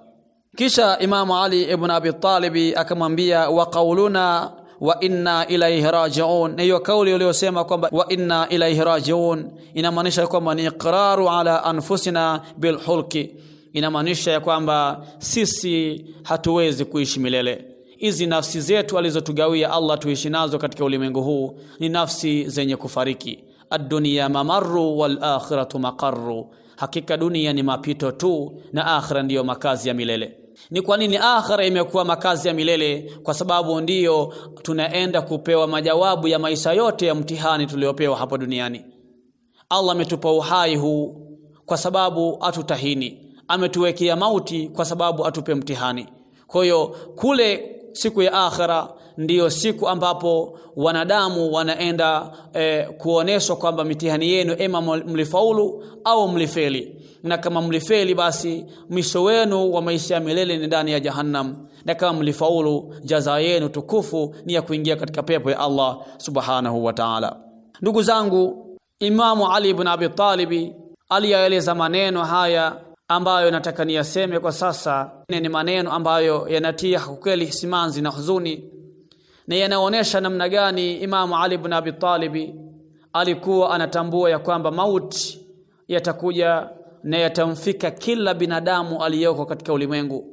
kisha Imam Ali ibn Abi Talib akamwambia wa qauluna wa inna ilayhi rajiun. Na hiyo kauli uliyosema kwamba wa inna ilayhi rajiun inamaanisha kwamba ni iqraru ala anfusina bilhulki, inamaanisha ya kwamba sisi hatuwezi kuishi milele. Hizi nafsi zetu alizotugawia Allah tuishi nazo katika ulimwengu huu ni nafsi zenye kufariki. Ad-dunya mamarru wal akhiratu maqarru, hakika dunia ni mapito tu na akhira ndiyo makazi ya milele. Ni kwa nini akhira imekuwa makazi ya milele? Kwa sababu ndiyo tunaenda kupewa majawabu ya maisha yote ya mtihani tuliopewa hapa duniani. Allah ametupa uhai huu kwa sababu atutahini, ametuwekea mauti kwa sababu atupe mtihani. Kwa hiyo kule siku ya akhira ndiyo siku ambapo wanadamu wanaenda eh, kuoneshwa kwamba mitihani yenu ema mlifaulu au mlifeli na kama mlifeli basi mwisho wenu wa maisha ya milele ni ndani ya Jahannam, na kama mlifaulu jaza yenu tukufu ni ya kuingia katika pepo ya Allah subhanahu wa ta'ala. Ndugu zangu, Imamu Ali ibn Abi Talib aliyaeleza maneno haya ambayo nataka niyaseme kwa sasa. Ni maneno ambayo yanatia hakukeli simanzi na huzuni na yanaonesha namna gani Imamu Ali ibn Abi Talibi alikuwa anatambua ya kwamba mauti yatakuja na yatamfika kila binadamu aliyoko katika ulimwengu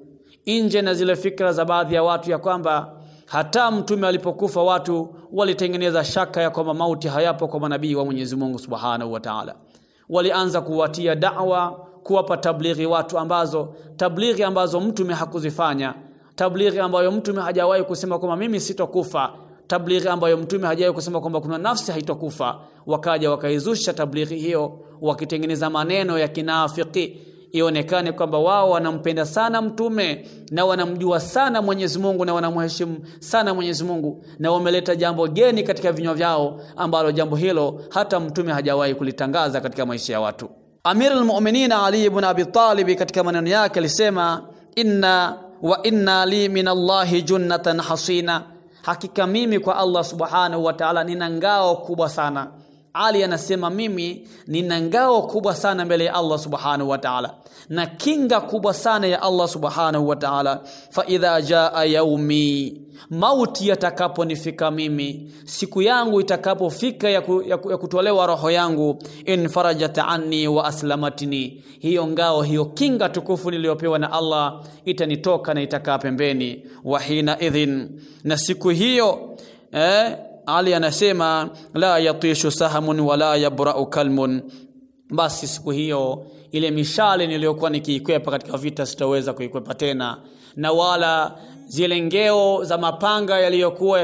nje na zile fikra za baadhi ya watu ya kwamba hata mtume alipokufa watu walitengeneza shaka ya kwamba mauti hayapo kwa manabii wa Mwenyezi Mungu Subhanahu wa Ta'ala. Walianza kuwatia da'wa, kuwapa tablighi watu ambazo tablighi ambazo mtume hakuzifanya, tablighi ambayo mtume hajawahi kusema kwamba mimi sitokufa, tablighi ambayo mtume hajawahi kusema kwamba kuna nafsi haitokufa. Wakaja wakaizusha tablighi hiyo wakitengeneza maneno ya kinafiki ionekane kwamba wao wanampenda sana mtume na wanamjua sana Mwenyezi Mungu na wanamheshimu sana Mwenyezi Mungu, na wameleta jambo geni katika vinywa vyao ambalo jambo hilo hata mtume hajawahi kulitangaza katika maisha ya watu. Amir al-Mu'minin Ali ibn Abi Talib katika maneno yake alisema, inna wa inna li min Allahi junnatan hasina, hakika mimi kwa Allah subhanahu wa ta'ala nina ngao kubwa sana ali anasema mimi nina ngao kubwa sana mbele ya Allah subhanahu wa ta'ala na kinga kubwa sana ya Allah subhanahu wa ta'ala fa idha jaa yaumi mauti yatakaponifika mimi siku yangu itakapofika ya, ku, ya, ku, ya kutolewa roho yangu in farajat anni wa aslamatini hiyo ngao hiyo kinga tukufu niliyopewa na Allah itanitoka na itakaa pembeni wa hina idhin na siku hiyo eh, ali anasema la yatishu sahamun wala yabra'u kalmun, basi siku hiyo ile mishale niliyokuwa nikiikwepa katika vita sitaweza kuikwepa tena na wala zile ngeo za mapanga yaliyokuwa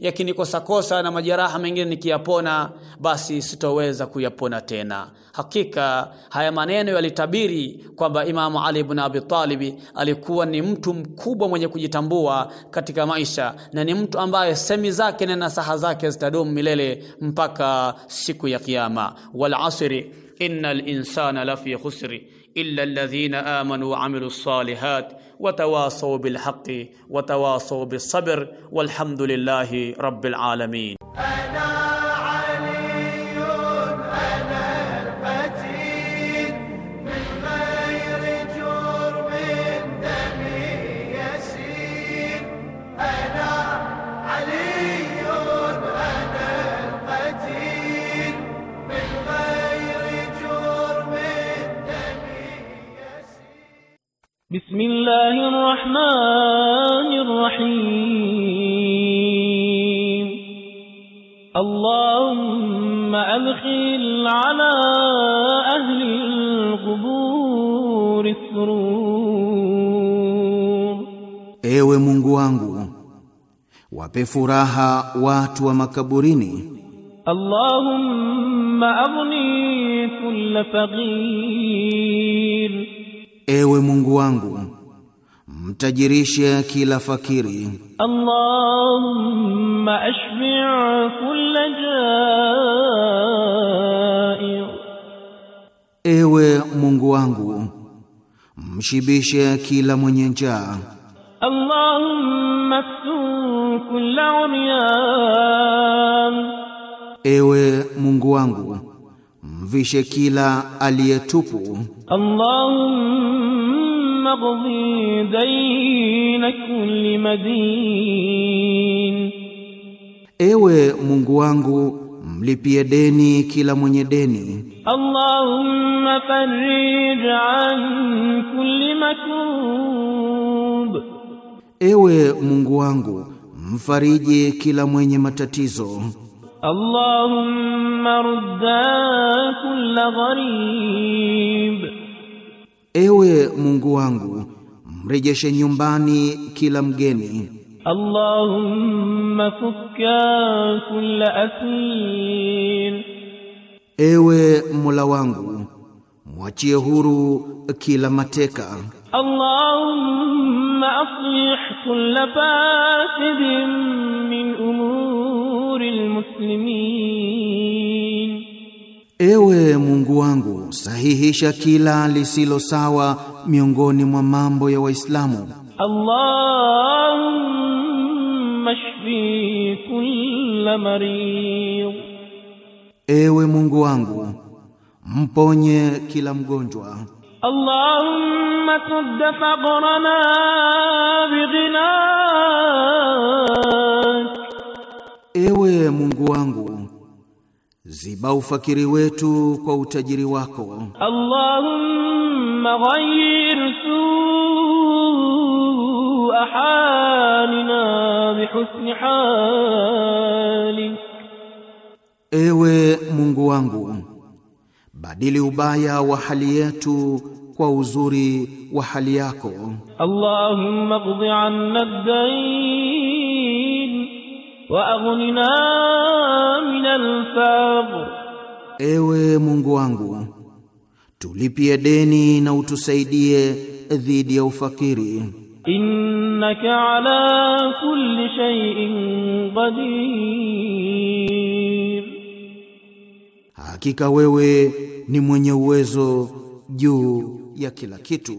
yakinikosakosa yakini na majeraha mengine nikiyapona, basi sitoweza kuyapona tena. Hakika haya maneno yalitabiri kwamba Imamu Ali ibn Abi Talib alikuwa ni mtu mkubwa mwenye kujitambua katika maisha na ni mtu ambaye semi zake na nasaha zake zitadumu milele mpaka siku ya Kiyama. Wal asri innal insana lafi khusri إلا الذين آمنوا وعملوا الصالحات وتواصوا بالحق وتواصوا بالصبر والحمد لله رب العالمين بسم الله الرحمن الرحيم اللهم أدخل على أهل القبور السرور ايوه مungu wangu wape furaha watu wa اللهم أغني كل فقير Ewe Mungu wangu, mtajirishe kila fakiri. Allahumma ashbi' kulla ja'i, Ewe Mungu wangu, mshibishe kila mwenye njaa. Allahumma ftun kulla umyan, Ewe Mungu wangu, mvishe kila aliyetupu. اللهم اقضي دين كل مدين ايوه مungu wangu mlipie deni kila mwenye deni. Allahumma farij an kulli makub, ewe Mungu wangu mfariji kila mwenye matatizo. اللهم rudda kulla gharib, ewe Mungu wangu mrejeshe nyumbani kila mgeni. Allahumma fukka kulla asir, ewe Mola wangu mwachie huru kila mateka. Allahumma aslih kulla fasidin min المسلمين Ewe Mungu wangu sahihisha kila lisilo sawa miongoni mwa mambo ya Waislamu Allahumma shfi kulla marid Ewe Mungu wangu mponye kila mgonjwa Allahumma tudd faqrana bighina Ewe Mungu wangu, ziba ufakiri wetu kwa utajiri wako. Allahumma ghayyir su'a halina bihusni hali, Ewe Mungu wangu, badili ubaya wa hali yetu kwa uzuri wa hali yako. Allahumma qdi anna ad-dayn واغننا من alfaqr, ewe Mungu wangu tulipie deni na utusaidie dhidi ya ufakiri. innaka ala kulli shay'in qadir, hakika wewe ni mwenye uwezo juu ya kila kitu.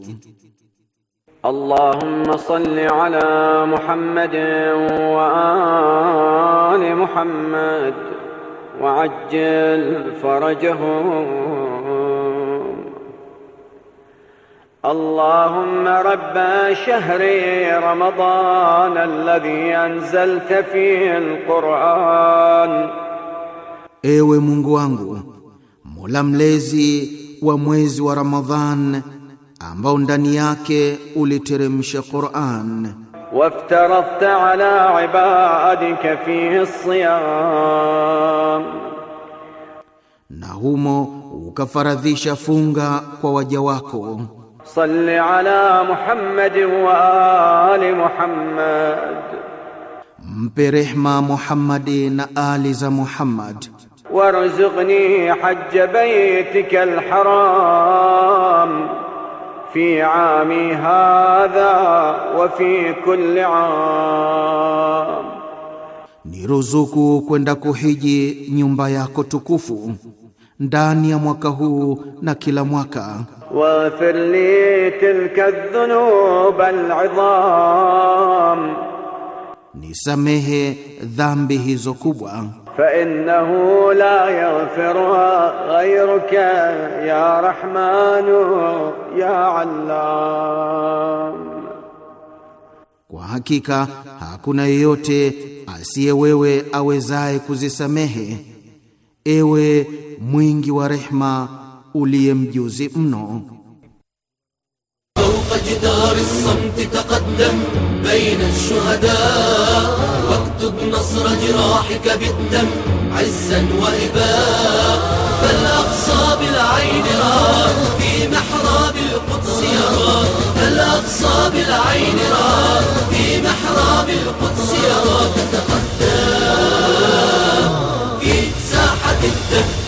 اللهم صل على محمد وآل محمد وعجل فرجهم اللهم رب شهر رمضان الذي أنزلت فيه القرآن ايوه mungu wangu ليزي mlezi ورمضان ورمضان ambao ndani yake uliteremsha Qur'an. Waftarafta ala ibadika fi siyam, na humo ukafaradhisha funga kwa waja wako. Salli ala Muhammad wa ali Muhammad, mpe rehma Muhammadi na ali za Muhammad. Warzuqni hajj baytika alharam في عامي هذا وفي كل عام aam, ni ruzuku kwenda kuhiji nyumba yako tukufu ndani ya mwaka huu na kila mwaka. Waghfir li tilka dhunub al'idham, nisamehe dhambi hizo kubwa فإنه لا يغفرها غيرك يا رحمن يا علام Kwa hakika hakuna yeyote asiye wewe awezaye kuzisamehe, ewe mwingi wa rehma uliye mjuzi mno. فوق جدار الصمت تقدم بين الشهداء واكتب نصر جراحك بالدم عزا وإباء فالأقصى بالعين راك في محراب القدس يراك فالأقصى بالعين راك في محراب القدس يراك تقدم في ساحة الدم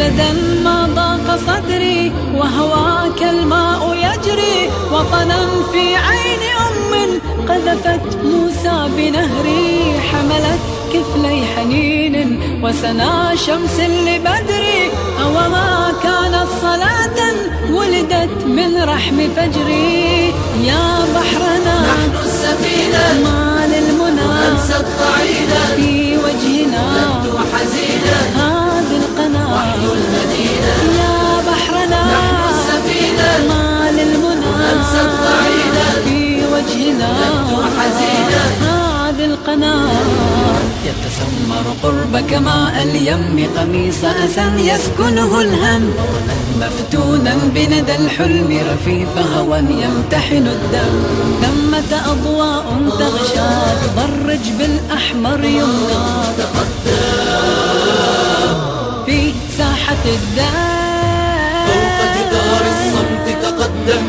أبدا ما ضاق صدري وهواك الماء يجري وطنا في عين أم قذفت موسى بنهري حملت كفلي حنين وسنا شمس لبدري أوما كانت صلاة ولدت من رحم فجري يا بحرنا نحن السفينة ما للمنى أنسى الطعينة في وجهنا نبدو حزينة المدينة يا بحرنا نحن السفينة ما للمنى أنسب بعيدا في وجهنا حزينة هذه القناة يتسمر قربك مع اليم قميص أسا يسكنه الهم مفتونا بندى الحلم رفيف هوى يمتحن الدم ثمة أضواء تغشى تضرج بالأحمر يمضى تقدم ساحة الدار فوق جدار الصمت تقدم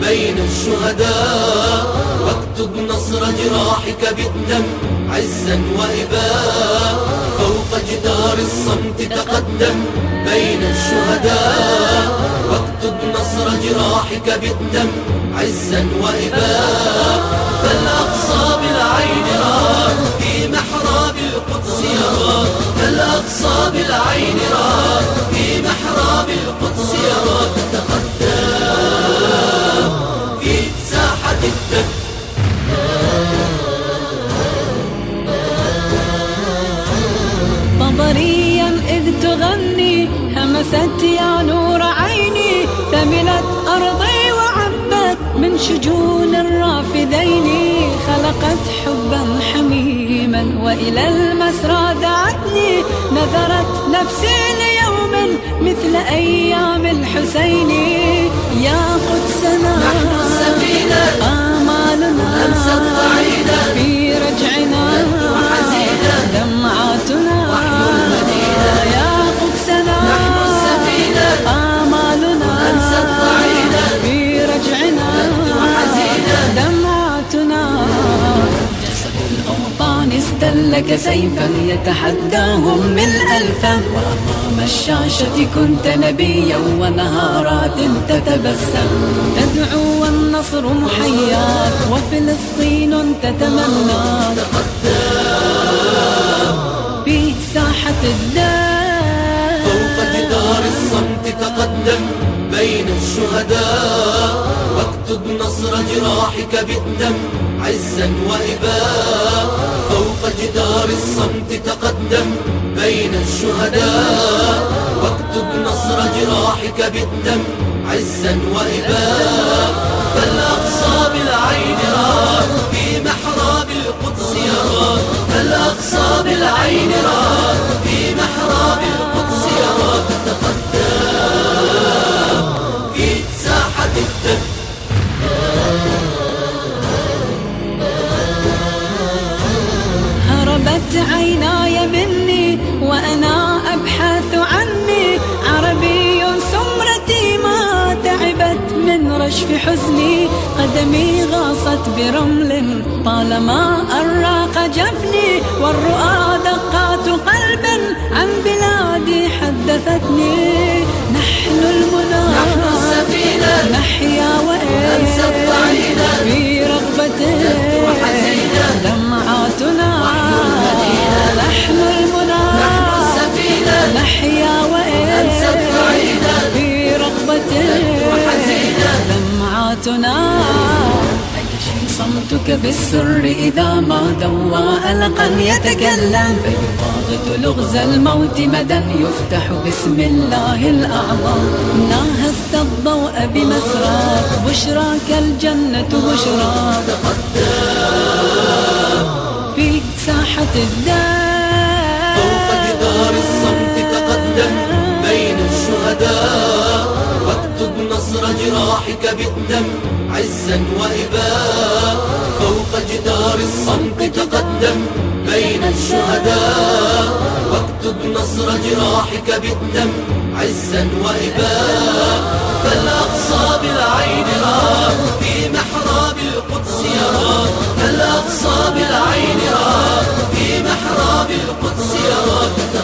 بين الشهداء واكتب نصر جراحك بالدم عزا وإباء فوق جدار الصمت تقدم بين الشهداء واكتب نصر جراحك بالدم عزا وإباء فالأقصى بالعين راد في محراب القدس يرى فالأقصى بالعين راد في محراب القدس يرى تقدم في ساحة الدم نظريا إذ تغني همست يا نور عيني ثملت أرضي وعبت من شجون والديني خلقت حبا حميما وإلى المسرى دعتني نذرت نفسي ليوم مثل أيام الحسين يا قدسنا نحن السفينة آه لك سيفا يتحداهم من ألفه وأمام الشاشة كنت نبيا ونهارات تتبسم تدعو والنصر محياك وفلسطين تتمنى في ساحة الدار فوق جدار الصمت تقدم بين الشهداء واكتب نصر جراحك بالدم عزا وإباء فوق جدار الصمت تقدم بين الشهداء واكتب نصر جراحك بالدم عزا وإباء فالأقصى بالعين راك في محراب القدس يرى فالأقصى بالعين راك في محراب القدس يرى تقدم عيناي مني وأنا أبحث عني عربي سمرتي ما تعبت من رشف حزني قدمي غاصت برمل طالما أراق جفني والرؤى دقات قلب عن بلادي حدثتني نحن المنى نحن السفينة نحيا وإنسد ضعينا في رغبة وحزينة دمعاتنا نحن المنى نحن السفينة نحيا في رغبة وحزينة دمعاتنا صمتك بالسر إذا ما دوى ألقا يتكلم فيضاغط لغز الموت مدى يفتح بسم الله الأعظم ناهزت الضوء بمسراك بشراك الجنة بشراك في ساحة الدار فوق جدار الصمت تقدم بين الشهداء نصر جراحك بالدم عزا وإباء فوق جدار الصمت تقدم بين الشهداء واكتب نصر جراحك بالدم عزا وإباء فالأقصى بالعين راه في محراب القدس يراك فالأقصى بالعين راه في محراب القدس يراك